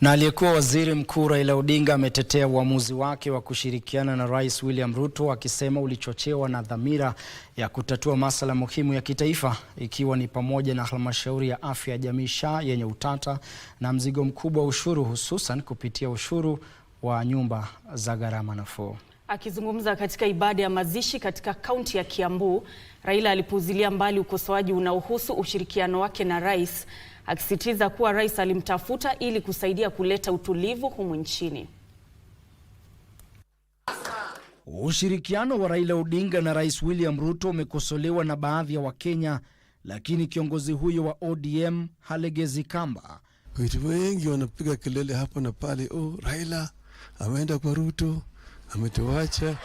Na aliyekuwa waziri mkuu Raila Odinga ametetea uamuzi wake wa kushirikiana na Rais William Ruto akisema ulichochewa na dhamira ya kutatua masuala muhimu ya kitaifa ikiwa ni pamoja na halmashauri ya afya ya jamii SHA yenye utata na mzigo mkubwa wa ushuru hususan kupitia ushuru wa nyumba za gharama nafuu. Akizungumza katika ibada ya mazishi katika kaunti ya Kiambu, Raila alipuuzilia mbali ukosoaji unaohusu ushirikiano wake na rais akisisitiza kuwa rais alimtafuta ili kusaidia kuleta utulivu humu nchini. Ushirikiano wa Raila Odinga na Rais William Ruto umekosolewa na baadhi ya Wakenya, lakini kiongozi huyo wa ODM halegezi kamba. vitu wengi wanapiga kelele hapa na pale, oh, Raila ameenda kwa Ruto, ametuacha.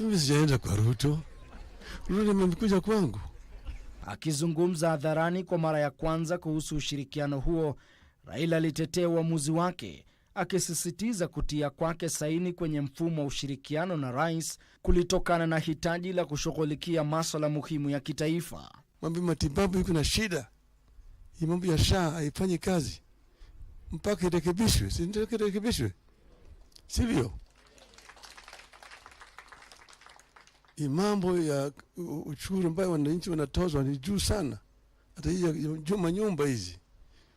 Mimi sijaenda kwa Ruto, Ruto amekuja kwangu. Akizungumza hadharani kwa mara ya kwanza kuhusu ushirikiano huo, Raila alitetea uamuzi wake akisisitiza kutia kwake saini kwenye mfumo wa ushirikiano na rais kulitokana na hitaji la kushughulikia maswala muhimu ya kitaifa. Mambo matibabu iko na shida, hii mambo ya SHA haifanyi kazi mpaka irekebishwe, si sivyo? mambo ya ushuru ambayo wananchi wanatozwa ni juu sana, hata juma nyumba hizi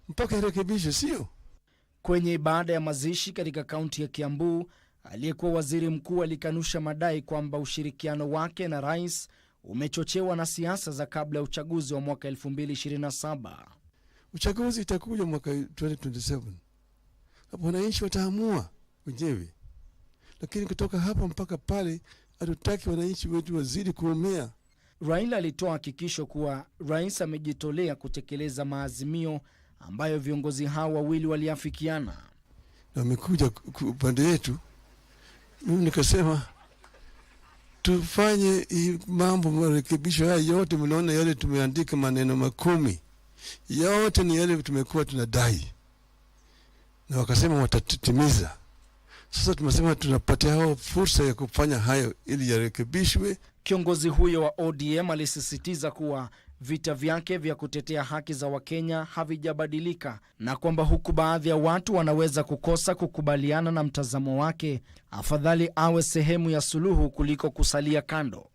mpaka irekebishe, sio kwenye ibada ya mazishi katika kaunti ya Kiambu. Aliyekuwa waziri mkuu alikanusha madai kwamba ushirikiano wake na rais umechochewa na siasa za kabla ya uchaguzi wa mwaka 2027. Uchaguzi itakuja mwaka 2027, wananchi wataamua wenyewe, lakini kutoka hapa mpaka pale hatutaki wananchi wetu wazidi kuumia. Raila alitoa hakikisho kuwa rais amejitolea kutekeleza maazimio ambayo viongozi hao wawili waliafikiana. Na wamekuja upande yetu, mimi nikasema tufanye mambo marekebisho haya yote. Mnaona yale tumeandika maneno makumi yote ni yale tumekuwa tunadai, na wakasema watatimiza. Sasa tumesema tunapatia hao fursa ya kufanya hayo ili yarekebishwe. Kiongozi huyo wa ODM alisisitiza kuwa vita vyake vya kutetea haki za Wakenya havijabadilika na kwamba huku baadhi ya watu wanaweza kukosa kukubaliana na mtazamo wake, afadhali awe sehemu ya suluhu kuliko kusalia kando.